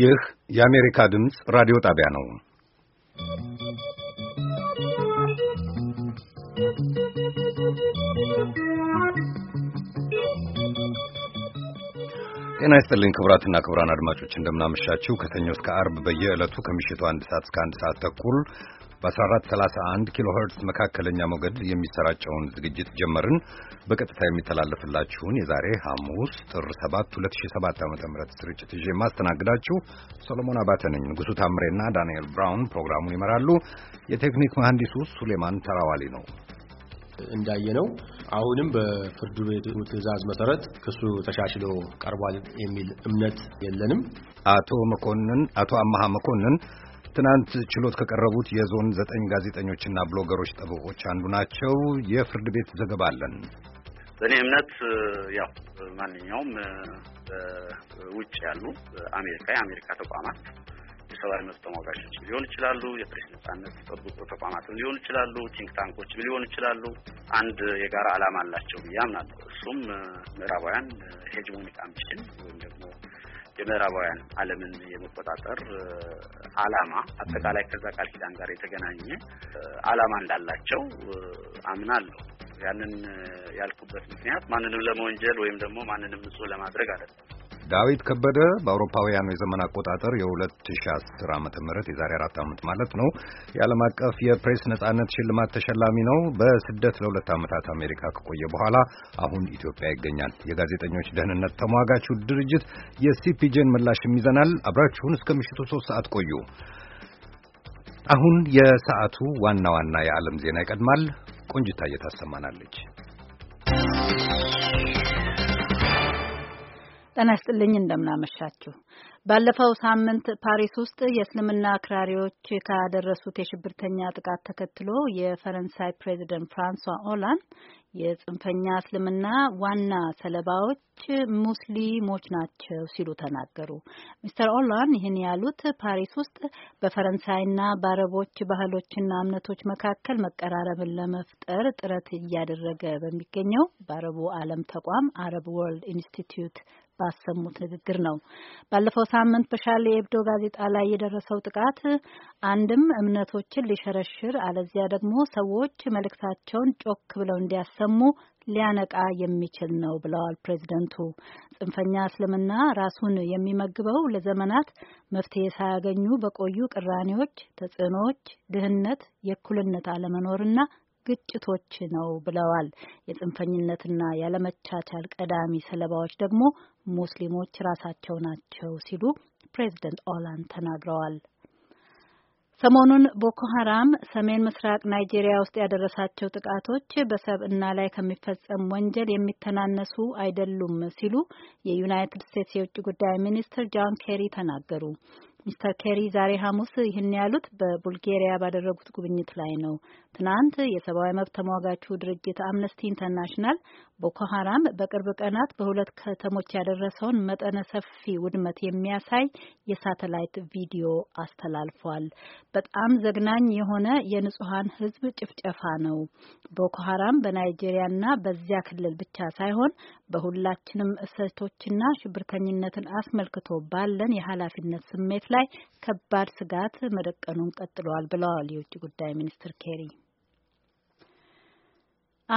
ይህ የአሜሪካ ድምፅ ራዲዮ ጣቢያ ነው። ጤና ይስጥልኝ ክቡራትና ክቡራን አድማጮች እንደምናመሻችሁ። ከሰኞ እስከ አርብ በየዕለቱ ከምሽቱ አንድ ሰዓት እስከ አንድ ሰዓት ተኩል በ1431 ኪሎ ኸርትዝ መካከለኛ ሞገድ የሚሰራጨውን ዝግጅት ጀመርን። በቀጥታ የሚተላለፍላችሁን የዛሬ ሐሙስ ጥር 7 2007 ዓ.ም ስርጭት ይዤ የማስተናግዳችሁ ሶሎሞን አባተ ነኝ። ንጉሡ ታምሬና ዳንኤል ብራውን ፕሮግራሙን ይመራሉ። የቴክኒክ መሐንዲሱ ሱሌማን ተራዋሊ ነው። እንዳየነው አሁንም በፍርድ ቤቱ ትዕዛዝ መሰረት ክሱ ተሻሽሎ ቀርቧል የሚል እምነት የለንም። አቶ መኮንን አቶ አመሃ መኮንን ትናንት ችሎት ከቀረቡት የዞን ዘጠኝ ጋዜጠኞችና ብሎገሮች ጠበቆች አንዱ ናቸው። የፍርድ ቤት ዘገባ አለን። በእኔ እምነት ያው ማንኛውም ውጭ ያሉ አሜሪካ የአሜሪካ ተቋማት የሰብአዊ መብት ተሟጋቾች ሊሆን ይችላሉ፣ የፕሬስ ነጻነት ጠብቆ ተቋማት ሊሆን ይችላሉ፣ ቲንክ ታንኮች ሊሆን ይችላሉ። አንድ የጋራ ዓላማ አላቸው ብዬ አምናለሁ። እሱም ምዕራባውያን ሄጅሞኒክ አምቢሽን ወይም ደግሞ የምዕራባውያን ዓለምን የመቆጣጠር ዓላማ አጠቃላይ ከዛ ቃል ኪዳን ጋር የተገናኘ ዓላማ እንዳላቸው አምናለሁ። ያንን ያልኩበት ምክንያት ማንንም ለመወንጀል ወይም ደግሞ ማንንም ንጹህ ለማድረግ አይደለም። ዳዊት ከበደ በአውሮፓውያኑ የዘመን አቆጣጠር የ2010 ዓ ም የዛሬ አራት ዓመት ማለት ነው የዓለም አቀፍ የፕሬስ ነጻነት ሽልማት ተሸላሚ ነው። በስደት ለሁለት ዓመታት አሜሪካ ከቆየ በኋላ አሁን ኢትዮጵያ ይገኛል። የጋዜጠኞች ደህንነት ተሟጋቹ ድርጅት የሲፒጄን ምላሽም ይዘናል። አብራችሁን እስከ ምሽቱ ሶስት ሰዓት ቆዩ። አሁን የሰዓቱ ዋና ዋና የዓለም ዜና ይቀድማል። ቆንጅታ እየታሰማናለች። ጤና ይስጥልኝ እንደምናመሻችሁ። ባለፈው ሳምንት ፓሪስ ውስጥ የእስልምና አክራሪዎች ካደረሱት የሽብርተኛ ጥቃት ተከትሎ የፈረንሳይ ፕሬዚደንት ፍራንሷ ኦላንድ የጽንፈኛ እስልምና ዋና ሰለባዎች ሙስሊሞች ናቸው ሲሉ ተናገሩ። ሚስተር ኦላንድ ይህን ያሉት ፓሪስ ውስጥ በፈረንሳይና በአረቦች ባህሎችና እምነቶች መካከል መቀራረብን ለመፍጠር ጥረት እያደረገ በሚገኘው በአረቡ ዓለም ተቋም አረብ ወርልድ ኢንስቲትዩት ባሰሙት ንግግር ነው። ባለፈው ሳምንት በሻሌ ኤብዶ ጋዜጣ ላይ የደረሰው ጥቃት አንድም እምነቶችን ሊሸረሽር አለዚያ ደግሞ ሰዎች መልእክታቸውን ጮክ ብለው እንዲያሰሙ ሊያነቃ የሚችል ነው ብለዋል ፕሬዚደንቱ። ጽንፈኛ እስልምና ራሱን የሚመግበው ለዘመናት መፍትሄ ሳያገኙ በቆዩ ቅራኔዎች፣ ተጽዕኖዎች፣ ድህነት፣ የእኩልነት አለመኖርና ግጭቶች ነው ብለዋል። የጽንፈኝነትና ያለመቻቻል ቀዳሚ ሰለባዎች ደግሞ ሙስሊሞች ራሳቸው ናቸው ሲሉ ፕሬዚደንት ኦላንድ ተናግረዋል። ሰሞኑን ቦኮ ሀራም ሰሜን ምስራቅ ናይጄሪያ ውስጥ ያደረሳቸው ጥቃቶች በሰብእና ላይ ከሚፈጸም ወንጀል የሚተናነሱ አይደሉም ሲሉ የዩናይትድ ስቴትስ የውጭ ጉዳይ ሚኒስትር ጆን ኬሪ ተናገሩ። ሚስተር ኬሪ ዛሬ ሐሙስ ይህን ያሉት በቡልጌሪያ ባደረጉት ጉብኝት ላይ ነው። ትናንት የሰብአዊ መብት ተሟጋቹ ድርጅት አምነስቲ ኢንተርናሽናል ቦኮ ሀራም በቅርብ ቀናት በሁለት ከተሞች ያደረሰውን መጠነ ሰፊ ውድመት የሚያሳይ የሳተላይት ቪዲዮ አስተላልፏል። በጣም ዘግናኝ የሆነ የንጹሀን ህዝብ ጭፍጨፋ ነው። ቦኮ ሀራም በናይጄሪያና በዚያ ክልል ብቻ ሳይሆን በሁላችንም እሰቶችና ሽብርተኝነትን አስመልክቶ ባለን የኃላፊነት ስሜት ላይ ከባድ ስጋት መደቀኑን ቀጥለዋል ብለዋል የውጭ ጉዳይ ሚኒስትር ኬሪ።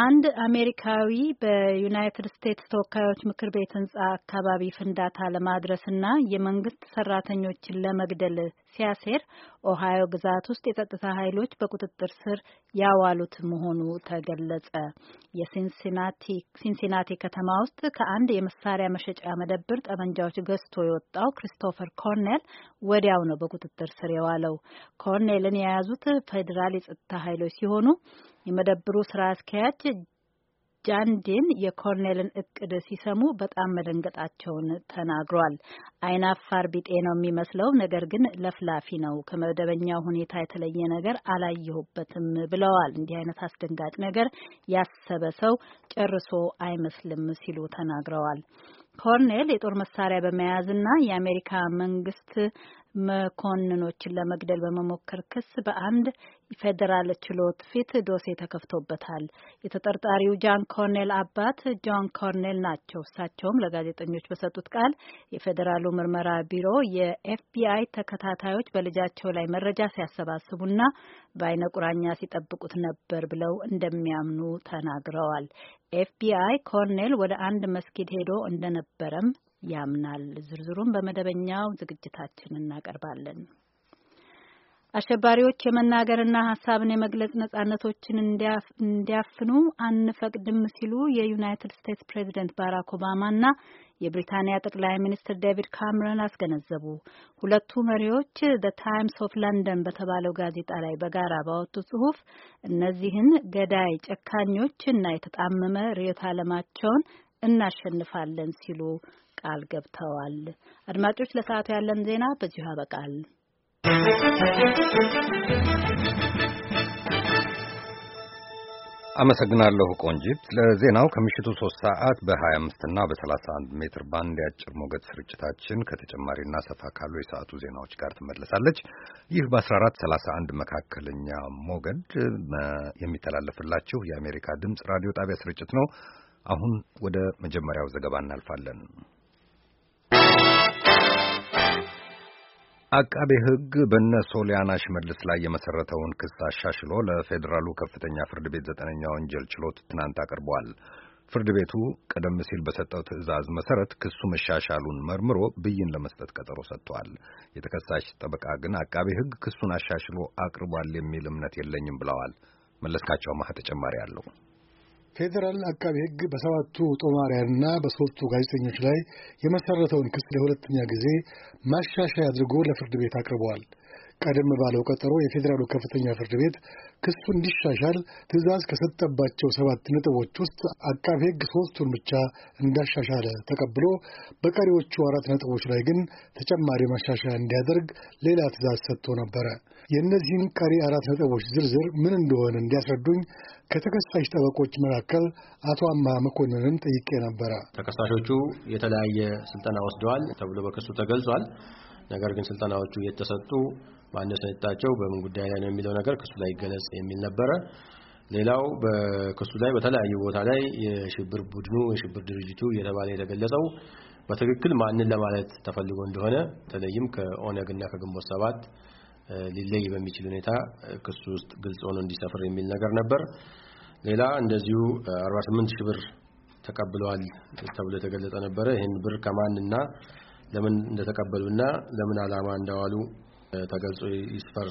አንድ አሜሪካዊ በዩናይትድ ስቴትስ ተወካዮች ምክር ቤት ህንጻ አካባቢ ፍንዳታ ለማድረስና የመንግስት ሰራተኞችን ለመግደል ሲያሴር ኦሃዮ ግዛት ውስጥ የጸጥታ ኃይሎች በቁጥጥር ስር ያዋሉት መሆኑ ተገለጸ። የሲንሲናቲ ከተማ ውስጥ ከአንድ የመሳሪያ መሸጫ መደብር ጠመንጃዎች ገዝቶ የወጣው ክሪስቶፈር ኮርኔል ወዲያው ነው በቁጥጥር ስር የዋለው። ኮርኔልን የያዙት ፌዴራል የጸጥታ ኃይሎች ሲሆኑ የመደብሩ ስራ አስኪያጅ ጃንዲን የኮርኔልን እቅድ ሲሰሙ በጣም መደንገጣቸውን ተናግሯል። አይናፋር ቢጤ ነው የሚመስለው፣ ነገር ግን ለፍላፊ ነው። ከመደበኛው ሁኔታ የተለየ ነገር አላየሁበትም ብለዋል። እንዲህ አይነት አስደንጋጭ ነገር ያሰበ ሰው ጨርሶ አይመስልም ሲሉ ተናግረዋል። ኮርኔል የጦር መሳሪያ በመያዝና የአሜሪካ መንግስት መኮንኖችን ለመግደል በመሞከር ክስ በአንድ ፌዴራል ችሎት ፊት ዶሴ ተከፍቶበታል። የተጠርጣሪው ጃን ኮርኔል አባት ጆን ኮርኔል ናቸው። እሳቸውም ለጋዜጠኞች በሰጡት ቃል የፌዴራሉ ምርመራ ቢሮ የኤፍቢአይ ተከታታዮች በልጃቸው ላይ መረጃ ሲያሰባስቡና በአይነ ቁራኛ ሲጠብቁት ነበር ብለው እንደሚያምኑ ተናግረዋል። ኤፍቢአይ ኮርኔል ወደ አንድ መስጊድ ሄዶ እንደነበረም ያምናል። ዝርዝሩን በመደበኛው ዝግጅታችን እናቀርባለን። አሸባሪዎች የመናገርና ሀሳብን የመግለጽ ነጻነቶችን እንዲያፍኑ አንፈቅድም ሲሉ የዩናይትድ ስቴትስ ፕሬዚደንት ባራክ ኦባማና የብሪታንያ ጠቅላይ ሚኒስትር ዴቪድ ካምረን አስገነዘቡ። ሁለቱ መሪዎች ዘ ታይምስ ኦፍ ለንደን በተባለው ጋዜጣ ላይ በጋራ ባወጡ ጽሁፍ እነዚህን ገዳይ ጨካኞች እና የተጣመመ ርዕዮተ ዓለማቸውን እናሸንፋለን ሲሉ ቃል ገብተዋል። አድማጮች፣ ለሰዓቱ ያለን ዜና በዚሁ ያበቃል። አመሰግናለሁ ቆንጂት። ለዜናው ከምሽቱ 3 ሰዓት በ25 እና በ31 ሜትር ባንድ የአጭር ሞገድ ስርጭታችን ከተጨማሪና ሰፋ ካሉ የሰዓቱ ዜናዎች ጋር ትመለሳለች። ይህ በ1431 መካከለኛ ሞገድ የሚተላለፍላችሁ የአሜሪካ ድምፅ ራዲዮ ጣቢያ ስርጭት ነው። አሁን ወደ መጀመሪያው ዘገባ እናልፋለን። አቃቤ ሕግ በነ ሶሊያና ሽመልስ ላይ የመሰረተውን ክስ አሻሽሎ ለፌዴራሉ ከፍተኛ ፍርድ ቤት ዘጠነኛ ወንጀል ችሎት ትናንት አቅርቧል። ፍርድ ቤቱ ቀደም ሲል በሰጠው ትዕዛዝ መሠረት ክሱ መሻሻሉን መርምሮ ብይን ለመስጠት ቀጠሮ ሰጥቷል። የተከሳሽ ጠበቃ ግን አቃቤ ሕግ ክሱን አሻሽሎ አቅርቧል የሚል እምነት የለኝም ብለዋል። መለስካቸው ማህ ተጨማሪ አለው። ፌዴራል አቃቤ ሕግ በሰባቱ ጦማሪያንና በሦስቱ ጋዜጠኞች ላይ የመሠረተውን ክስ ለሁለተኛ ጊዜ ማሻሻያ አድርጎ ለፍርድ ቤት አቅርበዋል። ቀደም ባለው ቀጠሮ የፌዴራሉ ከፍተኛ ፍርድ ቤት ክሱ እንዲሻሻል ትዕዛዝ ከሰጠባቸው ሰባት ነጥቦች ውስጥ አቃቤ ሕግ ሦስቱን ብቻ እንዳሻሻለ ተቀብሎ በቀሪዎቹ አራት ነጥቦች ላይ ግን ተጨማሪ ማሻሻያ እንዲያደርግ ሌላ ትዕዛዝ ሰጥቶ ነበረ። የእነዚህን ቀሪ አራት ነጥቦች ዝርዝር ምን እንደሆነ እንዲያስረዱኝ ከተከሳሽ ጠበቆች መካከል አቶ አማ መኮንንን ጠይቄ ነበረ። ተከሳሾቹ የተለያየ ስልጠና ወስደዋል ተብሎ በክሱ ተገልጿል። ነገር ግን ስልጠናዎቹ የተሰጡ ማን ሰጣቸው፣ በምን ጉዳይ ላይ ነው የሚለው ነገር ክሱ ላይ ይገለጽ የሚል ነበረ። ሌላው በክሱ ላይ በተለያዩ ቦታ ላይ የሽብር ቡድኑ የሽብር ድርጅቱ እየተባለ የተገለጸው በትክክል ማንን ለማለት ተፈልጎ እንደሆነ በተለይም ከኦነግ ከግንቦት ሰባት ሊለይ በሚችል ሁኔታ ክሱ ውስጥ ግልጽ ሆኖ እንዲሰፍር የሚል ነገር ነበር። ሌላ እንደዚሁ 48 ሺህ ብር ተቀብለዋል ተብሎ የተገለጸ ነበረ። ይህን ብር ከማንና ለምን እንደተቀበሉና ለምን ዓላማ እንደዋሉ ተገልጾ ይስፈር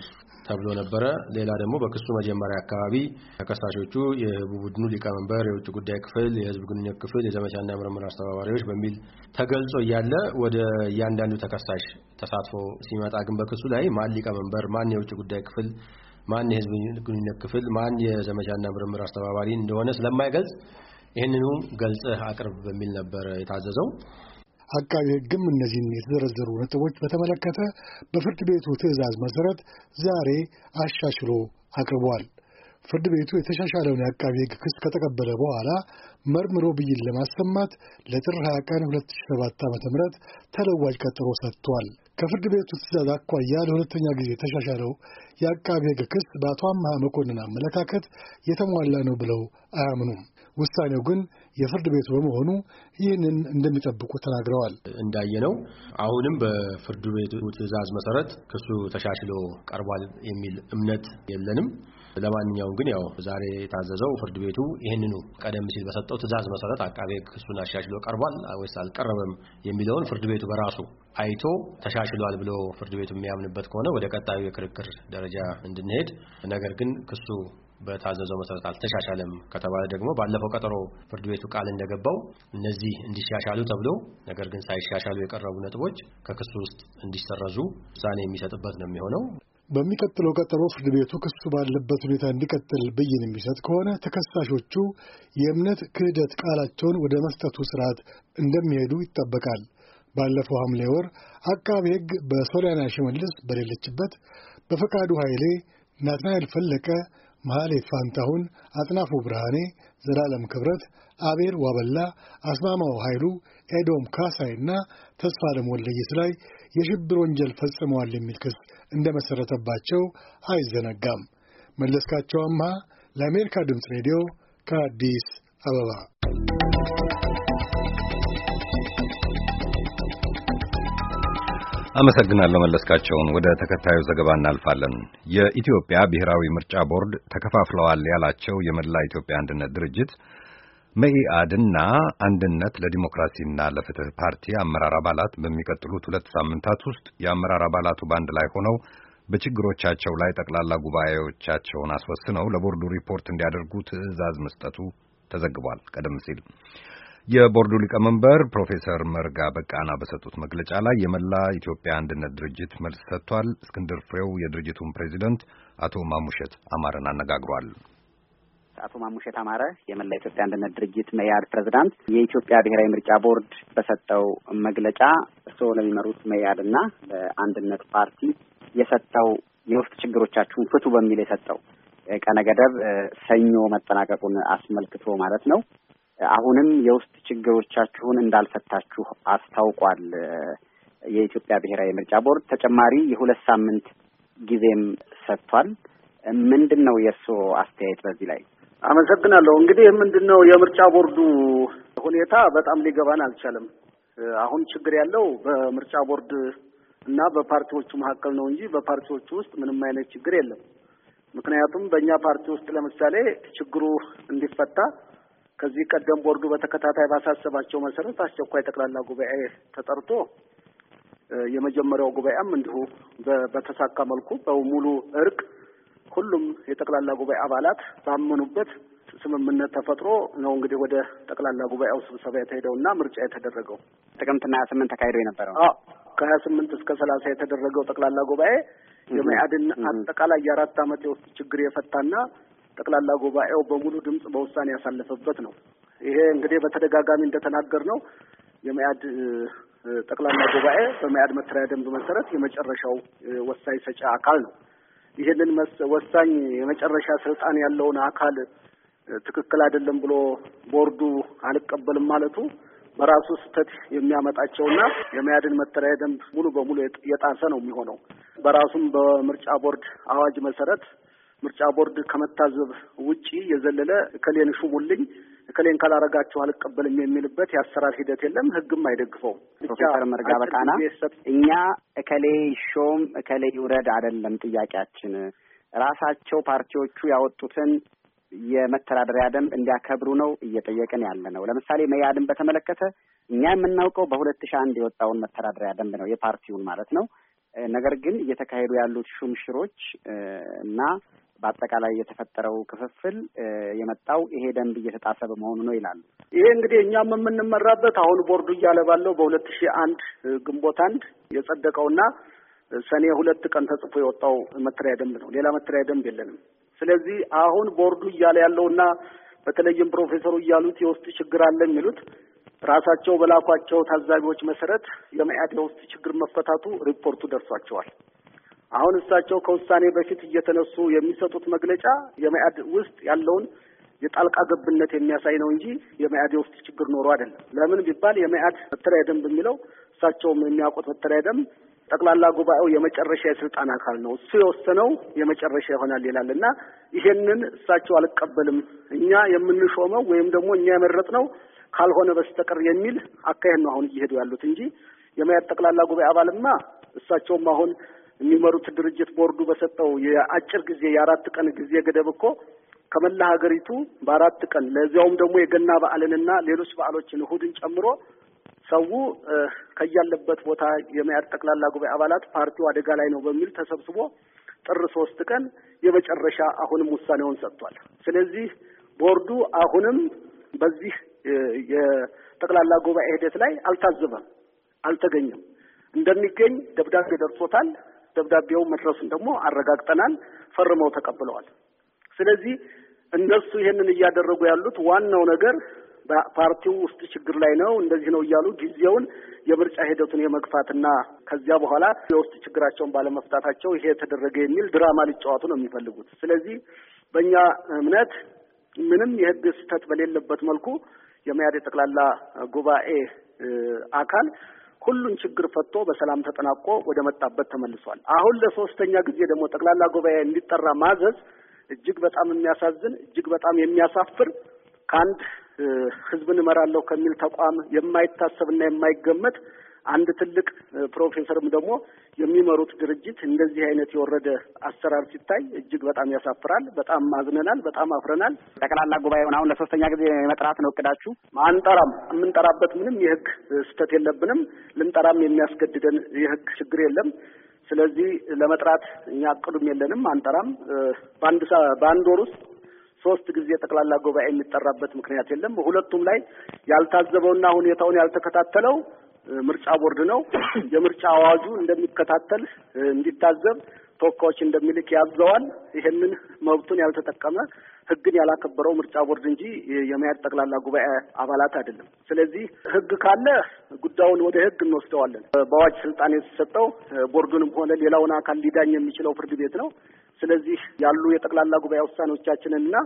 ተብሎ ነበረ። ሌላ ደግሞ በክሱ መጀመሪያ አካባቢ ተከሳሾቹ የቡድኑ ሊቀመንበር፣ የውጭ ጉዳይ ክፍል፣ የህዝብ ግንኙነት ክፍል፣ የዘመቻና ምርምር አስተባባሪዎች በሚል ተገልጾ እያለ ወደ እያንዳንዱ ተከሳሽ ተሳትፎ ሲመጣ ግን በክሱ ላይ ማን ሊቀመንበር፣ ማን የውጭ ጉዳይ ክፍል፣ ማን የህዝብ ግንኙነት ክፍል፣ ማን የዘመቻና ምርምር አስተባባሪ እንደሆነ ስለማይገልጽ ይህንኑ ገልጽህ አቅርብ በሚል ነበር የታዘዘው። አቃቢ ሕግም እነዚህን የተዘረዘሩ ነጥቦች በተመለከተ በፍርድ ቤቱ ትዕዛዝ መሠረት ዛሬ አሻሽሎ አቅርቧል። ፍርድ ቤቱ የተሻሻለውን የአቃቢ ሕግ ክስ ከተቀበለ በኋላ መርምሮ ብይን ለማሰማት ለጥር 20 ቀን 2007 ዓ ም ተለዋጅ ቀጠሮ ሰጥቷል። ከፍርድ ቤቱ ትዕዛዝ አኳያ ለሁለተኛ ጊዜ የተሻሻለው የአቃቢ ሕግ ክስ በአቶ አምሃ መኮንን አመለካከት የተሟላ ነው ብለው አያምኑም። ውሳኔው ግን የፍርድ ቤቱ በመሆኑ ይህንን እንደሚጠብቁ ተናግረዋል። እንዳየነው አሁንም በፍርድ ቤቱ ትዕዛዝ መሰረት ክሱ ተሻሽሎ ቀርቧል የሚል እምነት የለንም። ለማንኛውም ግን ያው ዛሬ የታዘዘው ፍርድ ቤቱ ይህንኑ ቀደም ሲል በሰጠው ትዕዛዝ መሰረት አቃቤ ክሱን አሻሽሎ ቀርቧል ወይስ አልቀረበም የሚለውን ፍርድ ቤቱ በራሱ አይቶ ተሻሽሏል ብሎ ፍርድ ቤቱ የሚያምንበት ከሆነ ወደ ቀጣዩ የክርክር ደረጃ እንድንሄድ ነገር ግን ክሱ በታዘዘው መሰረት አልተሻሻለም ከተባለ ደግሞ ባለፈው ቀጠሮ ፍርድ ቤቱ ቃል እንደገባው እነዚህ እንዲሻሻሉ ተብሎ ነገር ግን ሳይሻሻሉ የቀረቡ ነጥቦች ከክሱ ውስጥ እንዲሰረዙ ውሳኔ የሚሰጥበት ነው የሚሆነው። በሚቀጥለው ቀጠሮ ፍርድ ቤቱ ክሱ ባለበት ሁኔታ እንዲቀጥል ብይን የሚሰጥ ከሆነ ተከሳሾቹ የእምነት ክህደት ቃላቸውን ወደ መስጠቱ ስርዓት እንደሚሄዱ ይጠበቃል። ባለፈው ሐምሌ ወር አቃቤ ሕግ በሶሊያና ሽመልስ በሌለችበት በፈቃዱ ኃይሌ፣ ናትናኤል ፈለቀ መሐሌት ፋንታሁን፣ አጥናፉ ብርሃኔ፣ ዘላለም ክብረት፣ አቤል ዋበላ፣ አስማማው ኃይሉ፣ ኤዶም ካሳይ እና ተስፋለም ወልደየስ ላይ የሽብር ወንጀል ፈጽመዋል የሚል ክስ እንደመሠረተባቸው አይዘነጋም። መለስካቸው አምሃ ለአሜሪካ ድምፅ ሬዲዮ ከአዲስ አበባ አመሰግናለሁ መለስካቸውን። ወደ ተከታዩ ዘገባ እናልፋለን። የኢትዮጵያ ብሔራዊ ምርጫ ቦርድ ተከፋፍለዋል ያላቸው የመላ ኢትዮጵያ አንድነት ድርጅት መኢአድና አንድነት ለዲሞክራሲና ለፍትህ ፓርቲ አመራር አባላት በሚቀጥሉት ሁለት ሳምንታት ውስጥ የአመራር አባላቱ በአንድ ላይ ሆነው በችግሮቻቸው ላይ ጠቅላላ ጉባኤዎቻቸውን አስወስነው ለቦርዱ ሪፖርት እንዲያደርጉ ትዕዛዝ መስጠቱ ተዘግቧል። ቀደም ሲል የቦርዱ ሊቀመንበር ፕሮፌሰር መርጋ በቃና በሰጡት መግለጫ ላይ የመላ ኢትዮጵያ አንድነት ድርጅት መልስ ሰጥቷል። እስክንድር ፍሬው የድርጅቱን ፕሬዚደንት አቶ ማሙሸት አማረን አነጋግሯል። አቶ ማሙሸት አማረ የመላ ኢትዮጵያ አንድነት ድርጅት መኢአድ ፕሬዚዳንት፣ የኢትዮጵያ ብሔራዊ ምርጫ ቦርድ በሰጠው መግለጫ እርስዎ ለሚመሩት መኢአድ እና ለአንድነት ፓርቲ የሰጠው የውስጥ ችግሮቻችሁን ፍቱ በሚል የሰጠው ቀነ ገደብ ሰኞ መጠናቀቁን አስመልክቶ ማለት ነው አሁንም የውስጥ ችግሮቻችሁን እንዳልፈታችሁ አስታውቋል። የኢትዮጵያ ብሔራዊ ምርጫ ቦርድ ተጨማሪ የሁለት ሳምንት ጊዜም ሰጥቷል። ምንድን ነው የእርስዎ አስተያየት በዚህ ላይ? አመሰግናለሁ። እንግዲህ ምንድን ነው የምርጫ ቦርዱ ሁኔታ በጣም ሊገባን አልቻለም። አሁን ችግር ያለው በምርጫ ቦርድ እና በፓርቲዎቹ መካከል ነው እንጂ በፓርቲዎቹ ውስጥ ምንም አይነት ችግር የለም። ምክንያቱም በእኛ ፓርቲ ውስጥ ለምሳሌ ችግሩ እንዲፈታ ከዚህ ቀደም ቦርዱ በተከታታይ ባሳሰባቸው መሰረት አስቸኳይ ጠቅላላ ጉባኤ ተጠርቶ የመጀመሪያው ጉባኤም እንዲሁ በተሳካ መልኩ በሙሉ እርቅ ሁሉም የጠቅላላ ጉባኤ አባላት ባመኑበት ስምምነት ተፈጥሮ ነው እንግዲህ ወደ ጠቅላላ ጉባኤው ስብሰባ የተሄደው እና ምርጫ የተደረገው ጥቅምትና ሀያ ስምንት ተካሂዶ የነበረው ከሀያ ስምንት እስከ ሰላሳ የተደረገው ጠቅላላ ጉባኤ የመያድን አጠቃላይ የአራት ዓመት የውስጥ ችግር የፈታና ጠቅላላ ጉባኤው በሙሉ ድምፅ በውሳኔ ያሳለፈበት ነው። ይሄ እንግዲህ በተደጋጋሚ እንደተናገር ነው የመያድ ጠቅላላ ጉባኤ በመያድ መተሪያ ደንብ መሰረት የመጨረሻው ወሳኝ ሰጪ አካል ነው። ይህንን ወሳኝ የመጨረሻ ስልጣን ያለውን አካል ትክክል አይደለም ብሎ ቦርዱ አልቀበልም ማለቱ በራሱ ስህተት የሚያመጣቸውና የመያድን መተሪያ ደንብ ሙሉ በሙሉ የጣሰ ነው የሚሆነው። በራሱም በምርጫ ቦርድ አዋጅ መሰረት ምርጫ ቦርድ ከመታዘብ ውጪ የዘለለ እከሌን ሹሙልኝ እከሌን ካላረጋችሁ አልቀበልም የሚልበት የአሰራር ሂደት የለም፣ ህግም አይደግፈውም። ፕሮፌሰር መርጋ በቃና እኛ እከሌ ይሾም እከሌ ይውረድ አይደለም ጥያቄያችን፣ ራሳቸው ፓርቲዎቹ ያወጡትን የመተዳደሪያ ደንብ እንዲያከብሩ ነው እየጠየቅን ያለ ነው። ለምሳሌ መያድን በተመለከተ እኛ የምናውቀው በሁለት ሺህ አንድ የወጣውን መተዳደሪያ ደንብ ነው የፓርቲውን ማለት ነው። ነገር ግን እየተካሄዱ ያሉት ሹምሽሮች እና በአጠቃላይ የተፈጠረው ክፍፍል የመጣው ይሄ ደንብ እየተጣሰ በመሆኑ ነው ይላሉ። ይሄ እንግዲህ እኛም የምንመራበት አሁን ቦርዱ እያለ ባለው በሁለት ሺህ አንድ ግንቦት አንድ የጸደቀውና ሰኔ ሁለት ቀን ተጽፎ የወጣው መተሪያ ደንብ ነው። ሌላ መተሪያ ደንብ የለንም። ስለዚህ አሁን ቦርዱ እያለ ያለውና በተለይም ፕሮፌሰሩ እያሉት የውስጥ ችግር አለ የሚሉት ራሳቸው በላኳቸው ታዛቢዎች መሰረት የመያድ የውስጥ ችግር መፈታቱ ሪፖርቱ ደርሷቸዋል። አሁን እሳቸው ከውሳኔ በፊት እየተነሱ የሚሰጡት መግለጫ የመያድ ውስጥ ያለውን የጣልቃ ገብነት የሚያሳይ ነው እንጂ የመያድ የውስጥ ችግር ኖሮ አይደለም። ለምን ቢባል የመያድ መተዳደሪያ ደንብ የሚለው እሳቸውም የሚያውቁት መተዳደሪያ ደንብ ጠቅላላ ጉባኤው የመጨረሻ የስልጣን አካል ነው፣ እሱ የወሰነው የመጨረሻ ይሆናል ይላል እና ይሄንን እሳቸው አልቀበልም፣ እኛ የምንሾመው ወይም ደግሞ እኛ የመረጥነው ካልሆነ በስተቀር የሚል አካሄድ ነው አሁን እየሄዱ ያሉት እንጂ የመያድ ጠቅላላ ጉባኤ አባልማ እሳቸውም አሁን የሚመሩት ድርጅት ቦርዱ በሰጠው የአጭር ጊዜ የአራት ቀን ጊዜ ገደብ እኮ ከመላ ሀገሪቱ በአራት ቀን ለዚያውም ደግሞ የገና በዓልንና ሌሎች በዓሎችን እሁድን ጨምሮ ሰው ከያለበት ቦታ የመያድ ጠቅላላ ጉባኤ አባላት ፓርቲው አደጋ ላይ ነው በሚል ተሰብስቦ ጥር ሶስት ቀን የመጨረሻ አሁንም ውሳኔውን ሰጥቷል። ስለዚህ ቦርዱ አሁንም በዚህ የጠቅላላ ጉባኤ ሂደት ላይ አልታዘበም፣ አልተገኘም። እንደሚገኝ ደብዳቤ ደርሶታል። ደብዳቤው መድረሱን ደግሞ አረጋግጠናል። ፈርመው ተቀብለዋል። ስለዚህ እነሱ ይሄንን እያደረጉ ያሉት ዋናው ነገር ፓርቲው ውስጥ ችግር ላይ ነው፣ እንደዚህ ነው እያሉ ጊዜውን የምርጫ ሂደቱን የመግፋትና ከዚያ በኋላ የውስጥ ችግራቸውን ባለመፍታታቸው ይሄ የተደረገ የሚል ድራማ ሊጫወቱ ነው የሚፈልጉት። ስለዚህ በእኛ እምነት ምንም የህግ ስህተት በሌለበት መልኩ የመያድ የጠቅላላ ጉባኤ አካል ሁሉን ችግር ፈቶ በሰላም ተጠናቆ ወደ መጣበት ተመልሷል። አሁን ለሶስተኛ ጊዜ ደግሞ ጠቅላላ ጉባኤ እንዲጠራ ማዘዝ እጅግ በጣም የሚያሳዝን እጅግ በጣም የሚያሳፍር ከአንድ ህዝብን እመራለሁ ከሚል ተቋም የማይታሰብና የማይገመት አንድ ትልቅ ፕሮፌሰርም ደግሞ የሚመሩት ድርጅት እንደዚህ አይነት የወረደ አሰራር ሲታይ እጅግ በጣም ያሳፍራል። በጣም አዝነናል። በጣም አፍረናል። ጠቅላላ ጉባኤውን አሁን ለሶስተኛ ጊዜ የመጥራት ነው እቅዳችሁ? አንጠራም። የምንጠራበት ምንም የህግ ስህተት የለብንም። ልንጠራም የሚያስገድደን የህግ ችግር የለም። ስለዚህ ለመጥራት እኛ እቅዱም የለንም፣ አንጠራም። በአንድ በአንድ ወር ውስጥ ሶስት ጊዜ ጠቅላላ ጉባኤ የሚጠራበት ምክንያት የለም። ሁለቱም ላይ ያልታዘበውና ሁኔታውን ያልተከታተለው ምርጫ ቦርድ ነው። የምርጫ አዋጁ እንደሚከታተል እንዲታዘብ ተወካዮች እንደሚልክ ያዘዋል። ይህንን መብቱን ያልተጠቀመ ህግን ያላከበረው ምርጫ ቦርድ እንጂ የመያድ ጠቅላላ ጉባኤ አባላት አይደለም። ስለዚህ ህግ ካለ ጉዳዩን ወደ ህግ እንወስደዋለን። በአዋጅ ስልጣን የተሰጠው ቦርዱንም ሆነ ሌላውን አካል ሊዳኝ የሚችለው ፍርድ ቤት ነው። ስለዚህ ያሉ የጠቅላላ ጉባኤ ውሳኔዎቻችንን እና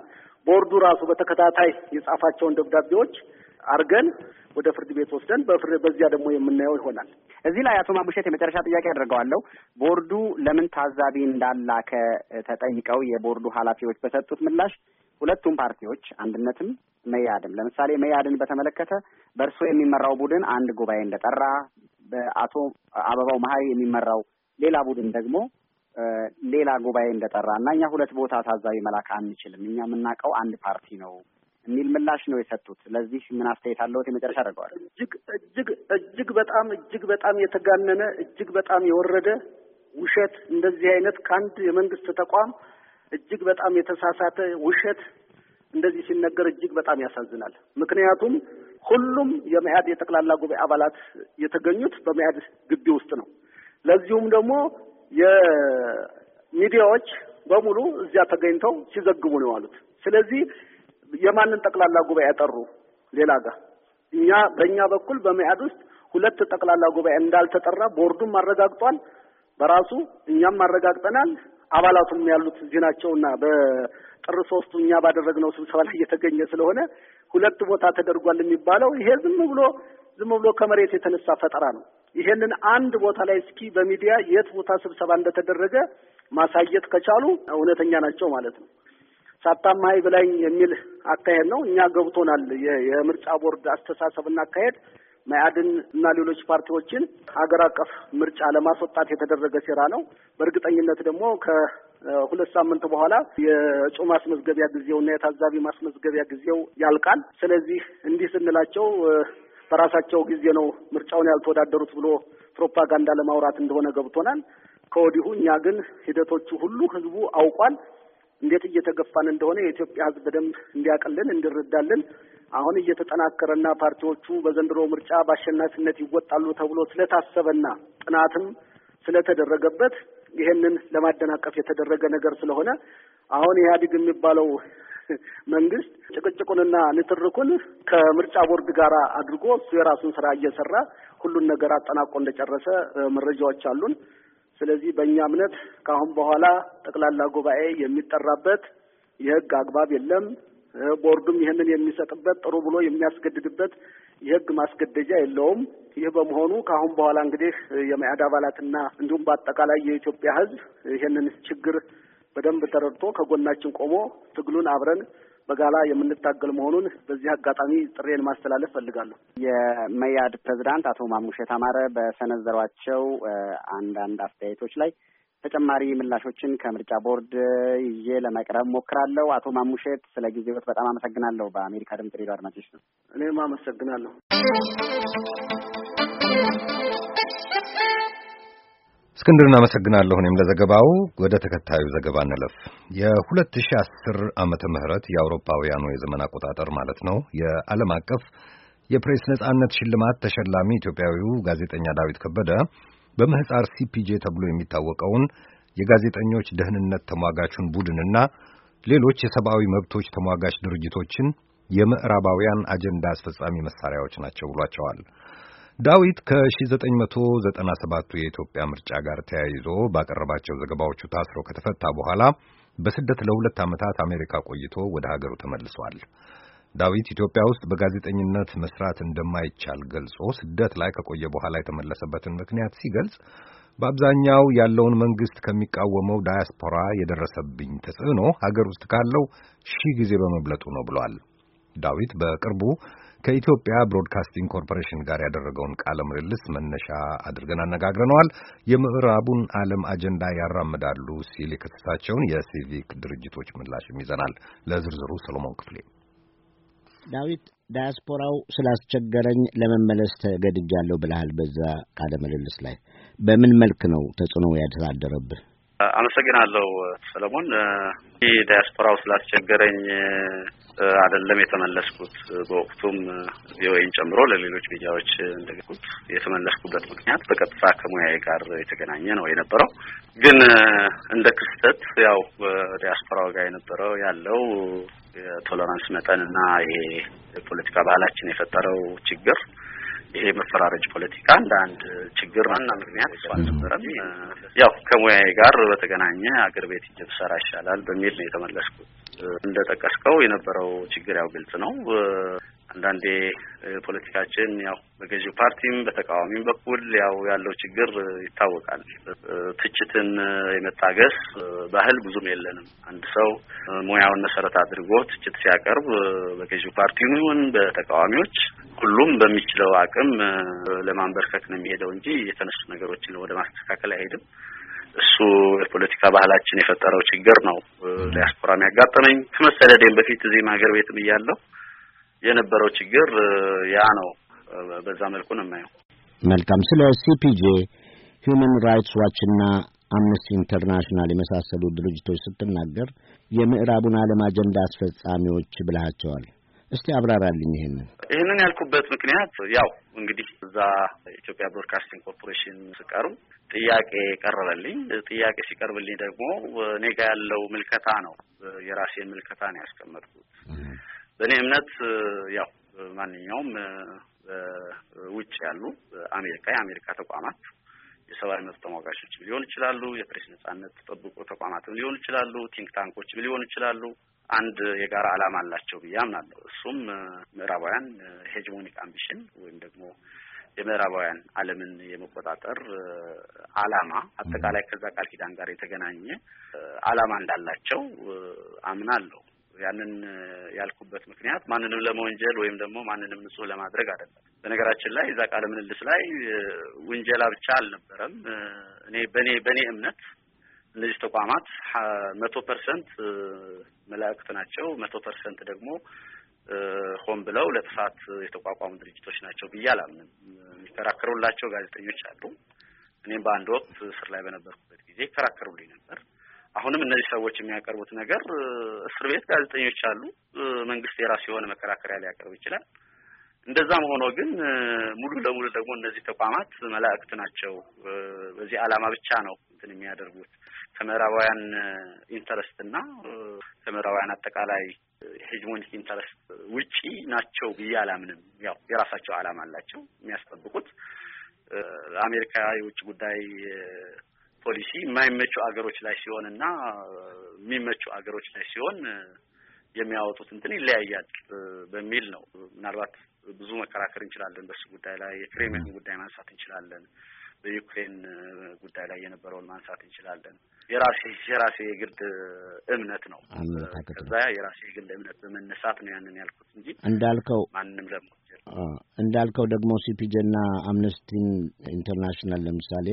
ቦርዱ ራሱ በተከታታይ የጻፋቸውን ደብዳቤዎች አርገን ወደ ፍርድ ቤት ወስደን በዚያ ደግሞ የምናየው ይሆናል። እዚህ ላይ አቶ ማሙሸት የመጨረሻ ጥያቄ አድርገዋለሁ። ቦርዱ ለምን ታዛቢ እንዳላከ ተጠይቀው የቦርዱ ኃላፊዎች በሰጡት ምላሽ ሁለቱም ፓርቲዎች አንድነትም መያድም ለምሳሌ መያድን በተመለከተ በእርሶ የሚመራው ቡድን አንድ ጉባኤ እንደጠራ በአቶ አበባው መሀሪ የሚመራው ሌላ ቡድን ደግሞ ሌላ ጉባኤ እንደጠራ እና እኛ ሁለት ቦታ ታዛቢ መላክ አንችልም፣ እኛ የምናውቀው አንድ ፓርቲ ነው የሚል ምላሽ ነው የሰጡት። ለዚህ ምን አስተያየት አለዎት? የመጨረሻ አድርገዋል። እጅግ እጅግ እጅግ በጣም እጅግ በጣም የተጋነነ እጅግ በጣም የወረደ ውሸት፣ እንደዚህ አይነት ከአንድ የመንግስት ተቋም እጅግ በጣም የተሳሳተ ውሸት እንደዚህ ሲነገር እጅግ በጣም ያሳዝናል። ምክንያቱም ሁሉም የመያድ የጠቅላላ ጉባኤ አባላት የተገኙት በመያድ ግቢ ውስጥ ነው። ለዚሁም ደግሞ የሚዲያዎች በሙሉ እዚያ ተገኝተው ሲዘግቡ ነው የዋሉት። ስለዚህ የማንን ጠቅላላ ጉባኤ ያጠሩ ሌላ ጋር እኛ በእኛ በኩል በመያድ ውስጥ ሁለት ጠቅላላ ጉባኤ እንዳልተጠራ ቦርዱም አረጋግጧል። በራሱ እኛም አረጋግጠናል። አባላቱም ያሉት እዚህ በጥር ሶስቱ እኛ ባደረግነው ስብሰባ ላይ እየተገኘ ስለሆነ ሁለት ቦታ ተደርጓል የሚባለው ይሄ ዝም ብሎ ዝም ብሎ ከመሬት የተነሳ ፈጠራ ነው። ይሄንን አንድ ቦታ ላይ እስኪ በሚዲያ የት ቦታ ስብሰባ እንደተደረገ ማሳየት ከቻሉ እውነተኛ ናቸው ማለት ነው። ሳታማይ ብላኝ የሚል አካሄድ ነው። እኛ ገብቶናል። የምርጫ ቦርድ አስተሳሰብና አካሄድ መያድን እና ሌሎች ፓርቲዎችን ሀገር አቀፍ ምርጫ ለማስወጣት የተደረገ ሴራ ነው። በእርግጠኝነት ደግሞ ከሁለት ሳምንት በኋላ የእጩ ማስመዝገቢያ ጊዜው እና የታዛቢ ማስመዝገቢያ ጊዜው ያልቃል። ስለዚህ እንዲህ ስንላቸው በራሳቸው ጊዜ ነው ምርጫውን ያልተወዳደሩት ብሎ ፕሮፓጋንዳ ለማውራት እንደሆነ ገብቶናል። ከወዲሁ እኛ ግን ሂደቶቹ ሁሉ ህዝቡ አውቋል። እንዴት እየተገፋን እንደሆነ የኢትዮጵያ ሕዝብ በደንብ እንዲያቀልን እንዲረዳልን አሁን እየተጠናከረና ፓርቲዎቹ በዘንድሮ ምርጫ በአሸናፊነት ይወጣሉ ተብሎ ስለታሰበና ጥናትም ስለተደረገበት ይሄንን ለማደናቀፍ የተደረገ ነገር ስለሆነ አሁን ኢህአዴግ የሚባለው መንግስት ጭቅጭቁንና ንትርኩን ከምርጫ ቦርድ ጋር አድርጎ እሱ የራሱን ስራ እየሰራ ሁሉን ነገር አጠናቆ እንደጨረሰ መረጃዎች አሉን። ስለዚህ በእኛ እምነት ከአሁን በኋላ ጠቅላላ ጉባኤ የሚጠራበት የህግ አግባብ የለም። ቦርዱም ይህንን የሚሰጥበት ጥሩ ብሎ የሚያስገድድበት የህግ ማስገደጃ የለውም። ይህ በመሆኑ ከአሁን በኋላ እንግዲህ የመያድ አባላትና እንዲሁም በአጠቃላይ የኢትዮጵያ ህዝብ ይህንን ችግር በደንብ ተረድቶ ከጎናችን ቆሞ ትግሉን አብረን በጋላ የምንታገል መሆኑን በዚህ አጋጣሚ ጥሬን ማስተላለፍ ፈልጋለሁ። የመያድ ፕሬዝዳንት አቶ ማሙሼት አማረ በሰነዘሯቸው አንዳንድ አስተያየቶች ላይ ተጨማሪ ምላሾችን ከምርጫ ቦርድ ይዤ ለመቅረብ ሞክራለሁ። አቶ ማሙሸት ስለ ጊዜዎት በጣም አመሰግናለሁ። በአሜሪካ ድምጽ ሬዲዮ አድማጮች ነው። እኔም አመሰግናለሁ። እስክንድር እናመሰግናለሁ እኔም ለዘገባው። ወደ ተከታዩ ዘገባ እንለፍ። የ2010 ዓመተ ምህረት የአውሮፓውያኑ የዘመን አቆጣጠር ማለት ነው የዓለም አቀፍ የፕሬስ ነጻነት ሽልማት ተሸላሚ ኢትዮጵያዊው ጋዜጠኛ ዳዊት ከበደ በምህፃር ሲፒጄ ተብሎ የሚታወቀውን የጋዜጠኞች ደህንነት ተሟጋቹን ቡድንና ሌሎች የሰብአዊ መብቶች ተሟጋች ድርጅቶችን የምዕራባውያን አጀንዳ አስፈጻሚ መሳሪያዎች ናቸው ብሏቸዋል። ዳዊት ከ 1997 የኢትዮጵያ ምርጫ ጋር ተያይዞ ባቀረባቸው ዘገባዎቹ ታስሮ ከተፈታ በኋላ በስደት ለሁለት ዓመታት አሜሪካ ቆይቶ ወደ ሀገሩ ተመልሷል። ዳዊት ኢትዮጵያ ውስጥ በጋዜጠኝነት መስራት እንደማይቻል ገልጾ ስደት ላይ ከቆየ በኋላ የተመለሰበትን ምክንያት ሲገልጽ በአብዛኛው ያለውን መንግስት ከሚቃወመው ዳያስፖራ የደረሰብኝ ተጽዕኖ ሀገር ውስጥ ካለው ሺህ ጊዜ በመብለጡ ነው ብሏል። ዳዊት በቅርቡ ከኢትዮጵያ ብሮድካስቲንግ ኮርፖሬሽን ጋር ያደረገውን ቃለ ምልልስ መነሻ አድርገን አነጋግረነዋል። የምዕራቡን ዓለም አጀንዳ ያራምዳሉ ሲል የከሰሳቸውን የሲቪክ ድርጅቶች ምላሽም ይዘናል። ለዝርዝሩ ሰሎሞን ክፍሌ። ዳዊት፣ ዳያስፖራው ስላስቸገረኝ ለመመለስ ተገድጃለሁ ብለሃል። በዛ ቃለ ምልልስ ላይ በምን መልክ ነው ተጽዕኖ ያሳደረብህ? አመሰግናለሁ ሰለሞን። ይህ ዲያስፖራው ስላስቸገረኝ አይደለም የተመለስኩት። በወቅቱም ቪኦኤን ጨምሮ ለሌሎች ሚዲያዎች እንደገኩት የተመለስኩበት ምክንያት በቀጥታ ከሙያዬ ጋር የተገናኘ ነው የነበረው። ግን እንደ ክስተት ያው በዲያስፖራው ጋር የነበረው ያለው የቶለራንስ መጠን እና ይሄ የፖለቲካ ባህላችን የፈጠረው ችግር ይሄ መፈራረጅ ፖለቲካ እንደ አንድ ችግር ዋና ምክንያት እሱ አልነበረም። ያው ከሙያዬ ጋር በተገናኘ አገር ቤት ሂጅ ብሰራ ይሻላል በሚል ነው የተመለስኩት። እንደጠቀስከው የነበረው ችግር ያው ግልጽ ነው። አንዳንዴ ፖለቲካችን ያው በገዢው ፓርቲም በተቃዋሚም በኩል ያው ያለው ችግር ይታወቃል። ትችትን የመታገስ ባህል ብዙም የለንም። አንድ ሰው ሙያውን መሰረት አድርጎ ትችት ሲያቀርብ በገዢው ፓርቲም ይሁን በተቃዋሚዎች ሁሉም በሚችለው አቅም ለማንበርከክ ነው የሚሄደው እንጂ የተነሱ ነገሮችን ወደ ማስተካከል አይሄድም። እሱ የፖለቲካ ባህላችን የፈጠረው ችግር ነው። ዲያስፖራም ያጋጠመኝ ደም በፊት እዚህም ሀገር ቤትም እያለሁ የነበረው ችግር ያ ነው። በዛ መልኩ ነው የማየው። መልካም። ስለ ሲፒጄ ሂዩማን ራይትስ ዋችና አምነስቲ ኢንተርናሽናል የመሳሰሉ ድርጅቶች ስትናገር የምዕራቡን ዓለም አጀንዳ አስፈጻሚዎች ብለሃቸዋል። እስቲ አብራራልኝ ይሄንን። ይህንን ያልኩበት ምክንያት ያው እንግዲህ እዛ ኢትዮጵያ ብሮድካስቲንግ ኮርፖሬሽን ስቀርብ ጥያቄ ቀረበልኝ። ጥያቄ ሲቀርብልኝ ደግሞ እኔ ጋ ያለው ምልከታ ነው የራሴን ምልከታ ነው ያስቀመጥኩት። በእኔ እምነት ያው ማንኛውም ውጭ ያሉ አሜሪካ የአሜሪካ ተቋማት የሰብአዊ መብት ተሟጋቾችም ሊሆን ይችላሉ፣ የፕሬስ ነጻነት ጠብቆ ተቋማትም ሊሆን ይችላሉ፣ ቲንክ ታንኮችም ሊሆን ይችላሉ። አንድ የጋራ ዓላማ አላቸው ብዬ አምናለሁ። እሱም ምዕራባውያን ሄጅሞኒክ አምቢሽን ወይም ደግሞ የምዕራባውያን ዓለምን የመቆጣጠር ዓላማ አጠቃላይ ከዛ ቃል ኪዳን ጋር የተገናኘ ዓላማ እንዳላቸው አምናለሁ። ያንን ያልኩበት ምክንያት ማንንም ለመወንጀል ወይም ደግሞ ማንንም ንጹህ ለማድረግ አይደለም። በነገራችን ላይ እዛ ቃለ ምልልስ ላይ ውንጀላ ብቻ አልነበረም። እኔ በኔ በኔ እምነት እነዚህ ተቋማት መቶ ፐርሰንት መላእክት ናቸው፣ መቶ ፐርሰንት ደግሞ ሆን ብለው ለጥፋት የተቋቋሙ ድርጅቶች ናቸው ብዬ አላምንም። የሚከራከሩላቸው ጋዜጠኞች አሉ። እኔም በአንድ ወቅት እስር ላይ በነበርኩበት ጊዜ ይከራከሩልኝ ነበር። አሁንም እነዚህ ሰዎች የሚያቀርቡት ነገር እስር ቤት ጋዜጠኞች አሉ። መንግስት የራሱ የሆነ መከራከሪያ ሊያቀርብ ይችላል። እንደዛም ሆኖ ግን ሙሉ ለሙሉ ደግሞ እነዚህ ተቋማት መላእክት ናቸው። በዚህ ዓላማ ብቻ ነው እንትን የሚያደርጉት ከምዕራባውያን ኢንተረስት እና ከምዕራባውያን አጠቃላይ ሄጅሞኒክ ኢንተረስት ውጪ ናቸው ብዬ አላምንም። ያው የራሳቸው ዓላማ አላቸው የሚያስጠብቁት። አሜሪካ የውጭ ጉዳይ ፖሊሲ የማይመቹ አገሮች ላይ ሲሆን እና የሚመቹ አገሮች ላይ ሲሆን የሚያወጡት እንትን ይለያያል በሚል ነው። ምናልባት ብዙ መከራከር እንችላለን በሱ ጉዳይ ላይ የክሬሚያን ጉዳይ ማንሳት እንችላለን። በዩክሬን ጉዳይ ላይ የነበረውን ማንሳት እንችላለን። የራሴ የራሴ የግድ እምነት ነው። ከዛ የራሴ የግድ እምነት በመነሳት ነው ያንን ያልኩት እንጂ እንዳልከው ማንም ደግሞ እንዳልከው ደግሞ ሲፒጄና አምነስቲ ኢንተርናሽናል ለምሳሌ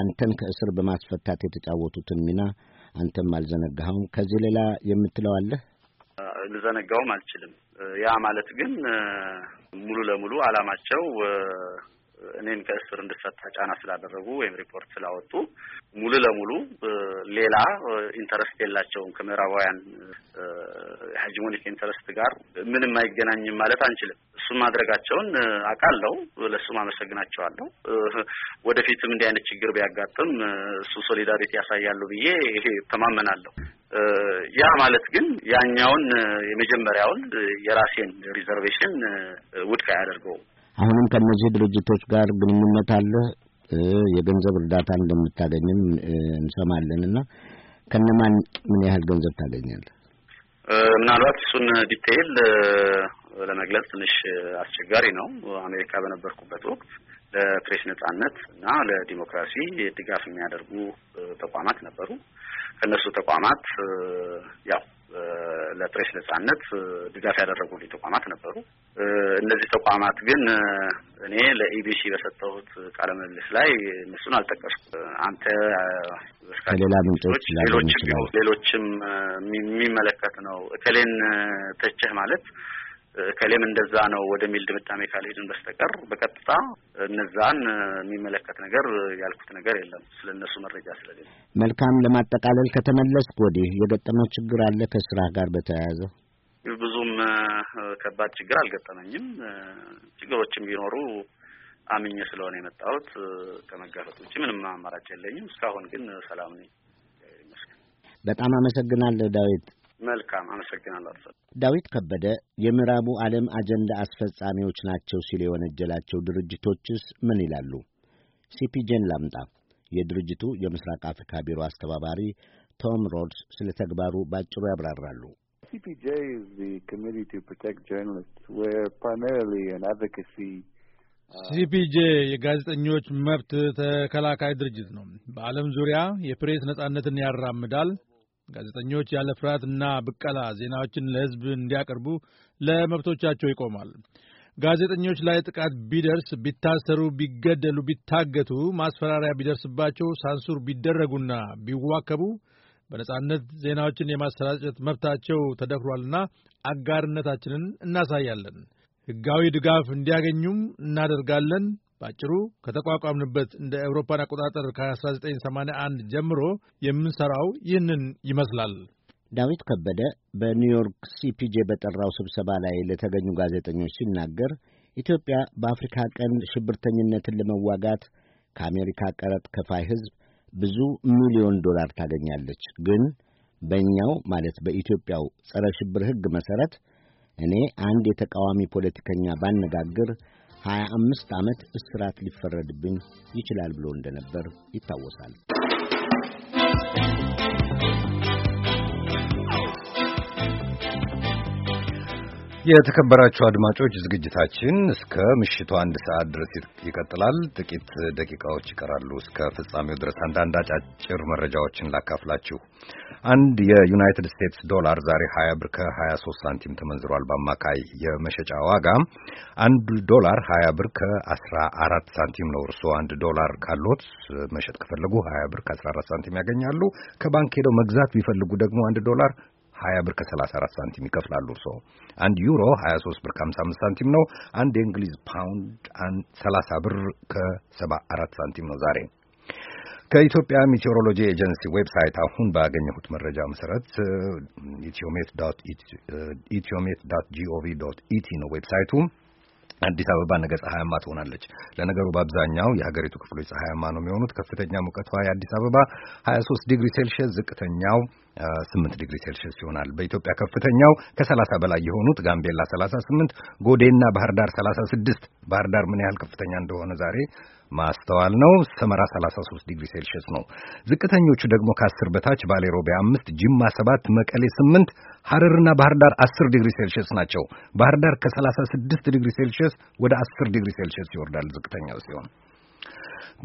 አንተን ከእስር በማስፈታት የተጫወቱትን ሚና አንተም አልዘነጋኸውም። ከዚህ ሌላ የምትለው አለህ? ልዘነጋውም አልችልም። ያ ማለት ግን ሙሉ ለሙሉ አላማቸው እኔን ከእስር እንድፈታ ጫና ስላደረጉ ወይም ሪፖርት ስላወጡ ሙሉ ለሙሉ ሌላ ኢንተረስት የላቸውም ከምዕራባውያን ሄጂሞኒክ ኢንተረስት ጋር ምንም አይገናኝም ማለት አንችልም። እሱም ማድረጋቸውን አውቃለሁ፣ ለእሱም አመሰግናቸዋለሁ። ወደፊትም እንዲህ አይነት ችግር ቢያጋጥም እሱ ሶሊዳሪቲ ያሳያሉ ብዬ ይሄ ተማመናለሁ። ያ ማለት ግን ያኛውን የመጀመሪያውን የራሴን ሪዘርቬሽን ውድቅ አያደርገውም። አሁንም ከእነዚህ ድርጅቶች ጋር ግንኙነት አለ። የገንዘብ እርዳታ እንደምታገኝም እንሰማለን እና ከነማን ምን ያህል ገንዘብ ታገኛለህ? ምናልባት እሱን ዲቴይል ለመግለጽ ትንሽ አስቸጋሪ ነው። አሜሪካ በነበርኩበት ወቅት ለፕሬስ ነጻነት እና ለዲሞክራሲ ድጋፍ የሚያደርጉ ተቋማት ነበሩ። ከእነሱ ተቋማት ያው ለፕሬስ ነጻነት ድጋፍ ያደረጉልኝ ተቋማት ነበሩ። እነዚህ ተቋማት ግን እኔ ለኢቢሲ በሰጠሁት ቃለ ምልልስ ላይ እነሱን አልጠቀስኩም። አንተ ከሌላ ምንጮች ሌሎችም ሌሎችም የሚመለከት ነው እከሌን ተቸህ ማለት ከሌም እንደዛ ነው ወደሚል ድምዳሜ ካልሄድን በስተቀር በቀጥታ እነዛን የሚመለከት ነገር ያልኩት ነገር የለም ስለ እነሱ መረጃ ስለሌለ። መልካም። ለማጠቃለል ከተመለስ ወዲህ የገጠመው ችግር አለ ከስራ ጋር በተያያዘ? ብዙም ከባድ ችግር አልገጠመኝም። ችግሮችም ቢኖሩ አምኜ ስለሆነ የመጣሁት ከመጋፈጥ ውጭ ምንም አማራጭ የለኝም። እስካሁን ግን ሰላም ነኝ። በጣም አመሰግናለሁ ዳዊት። መልካም አመሰግናለሁ። አቶ ዳዊት ከበደ የምዕራቡ ዓለም አጀንዳ አስፈጻሚዎች ናቸው ሲል የወነጀላቸው ድርጅቶችስ ምን ይላሉ? ሲፒጄን ላምጣ የድርጅቱ የምስራቅ አፍሪካ ቢሮ አስተባባሪ ቶም ሮድስ ስለ ተግባሩ ባጭሩ ያብራራሉ። uh, ሲፒጄ የጋዜጠኞች መብት ተከላካይ ድርጅት ነው። በዓለም ዙሪያ የፕሬስ ነጻነትን ያራምዳል፣ ጋዜጠኞች ያለ ፍርሃትና ብቀላ ዜናዎችን ለህዝብ እንዲያቀርቡ ለመብቶቻቸው ይቆማል። ጋዜጠኞች ላይ ጥቃት ቢደርስ፣ ቢታሰሩ፣ ቢገደሉ፣ ቢታገቱ፣ ማስፈራሪያ ቢደርስባቸው፣ ሳንሱር ቢደረጉና ቢዋከቡ በነጻነት ዜናዎችን የማሰራጨት መብታቸው ተደፍሯልና አጋርነታችንን እናሳያለን። ህጋዊ ድጋፍ እንዲያገኙም እናደርጋለን። በአጭሩ ከተቋቋምንበት እንደ ኤውሮፓን አቆጣጠር ከ1981 ጀምሮ የምንሰራው ይህንን ይመስላል። ዳዊት ከበደ በኒውዮርክ ሲፒጄ በጠራው ስብሰባ ላይ ለተገኙ ጋዜጠኞች ሲናገር ኢትዮጵያ በአፍሪካ ቀንድ ሽብርተኝነትን ለመዋጋት ከአሜሪካ ቀረጥ ከፋይ ሕዝብ ብዙ ሚሊዮን ዶላር ታገኛለች። ግን በእኛው ማለት በኢትዮጵያው ጸረ ሽብር ሕግ መሠረት እኔ አንድ የተቃዋሚ ፖለቲከኛ ባነጋግር አምስት ዓመት እስራት ሊፈረድብኝ ይችላል ብሎ እንደነበር ይታወሳል። የተከበራችሁ አድማጮች ዝግጅታችን እስከ ምሽቱ አንድ ሰዓት ድረስ ይቀጥላል። ጥቂት ደቂቃዎች ይቀራሉ እስከ ፍጻሜው ድረስ አንዳንድ አጫጭር መረጃዎችን ላካፍላችሁ። አንድ የዩናይትድ ስቴትስ ዶላር ዛሬ 20 ብር ከ23 ሳንቲም ተመንዝሯል። በአማካይ የመሸጫ ዋጋ አንድ ዶላር 20 ብር ከ14 ሳንቲም ነው። እርስዎ አንድ ዶላር ካሎት መሸጥ ከፈለጉ 20 ብር ከ14 ሳንቲም ያገኛሉ። ከባንክ ሄደው መግዛት ቢፈልጉ ደግሞ አንድ ዶላር 20 ብር ከ34 ሳንቲም ይከፍላሉ። እርስዎ አንድ ዩሮ 23 ብር ከ55 ሳንቲም ነው። አንድ የእንግሊዝ ፓውንድ 30 ብር ከ74 ሳንቲም ነው ዛሬ። ከኢትዮጵያ ሜቴሮሎጂ ኤጀንሲ ዌብሳይት አሁን ባገኘሁት መረጃ መሰረት ኢትዮሜት ዶት ኢቲ ነው ዌብሳይቱ አዲስ አበባ ነገ ፀሐያማ ትሆናለች። ለነገሩ በአብዛኛው የሀገሪቱ ክፍሎች ፀሐያማ ነው የሚሆኑት። ከፍተኛ ሙቀቷ የአዲስ አበባ 23 ዲግሪ ሴልሺየስ፣ ዝቅተኛው 8 ዲግሪ ሴልሺየስ ይሆናል። በኢትዮጵያ ከፍተኛው ከ30 በላይ የሆኑት ጋምቤላ 38፣ ጎዴና ባህር ዳር 36። ባህር ዳር ምን ያህል ከፍተኛ እንደሆነ ዛሬ ማስተዋል ነው። ሰመራ 33 ዲግሪ ሴልሺየስ ነው። ዝቅተኞቹ ደግሞ ከአስር በታች ባሌ ሮቤ 5፣ ጅማ ሰባት መቀሌ ስምንት ሐረርና ባህር ዳር 10 ዲግሪ ሴልሺየስ ናቸው። ባህር ዳር ከ36 ዲግሪ ሴልሺየስ ወደ 10 ዲግሪ ሴልሺየስ ይወርዳል ዝቅተኛው ሲሆን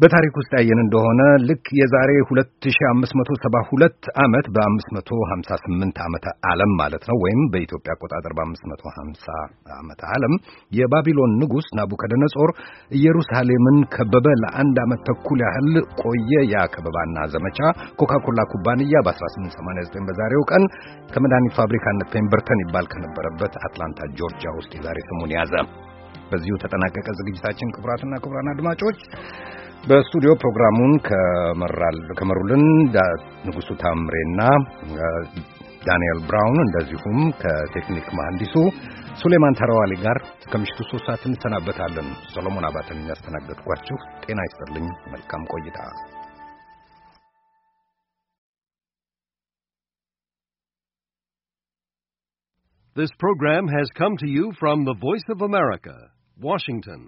በታሪክ ውስጥ ያየን እንደሆነ ልክ የዛሬ 2572 ዓመት በ558 ዓመተ ዓለም ማለት ነው ወይም በኢትዮጵያ አቆጣጠር በ550 ዓመተ ዓለም የባቢሎን ንጉሥ ናቡከደነጾር ኢየሩሳሌምን ከበበ። ለአንድ ዓመት ተኩል ያህል ቆየ። ያ ከበባና ዘመቻ ኮካኮላ ኩባንያ በ1889 በዛሬው ቀን ከመድኃኒት ፋብሪካነት ፔምበርተን ይባል ከነበረበት አትላንታ ጆርጂያ ውስጥ የዛሬ ስሙን ያዘ። በዚሁ ተጠናቀቀ ዝግጅታችን። ክቡራትና ክቡራን አድማጮች በስቱዲዮ ፕሮግራሙን ከመሩልን ንጉሱ ታምሬና ዳንኤል ብራውን እንደዚሁም ከቴክኒክ መሐንዲሱ ሱሌማን ተራዋሊ ጋር ከምሽቱ ሶስት ሰዓት እንሰናበታለን። ሰሎሞን አባተን የሚያስተናገድኳችሁ ጤና ይስጥልኝ። መልካም ቆይታ። This program has come to you from the Voice of America, Washington.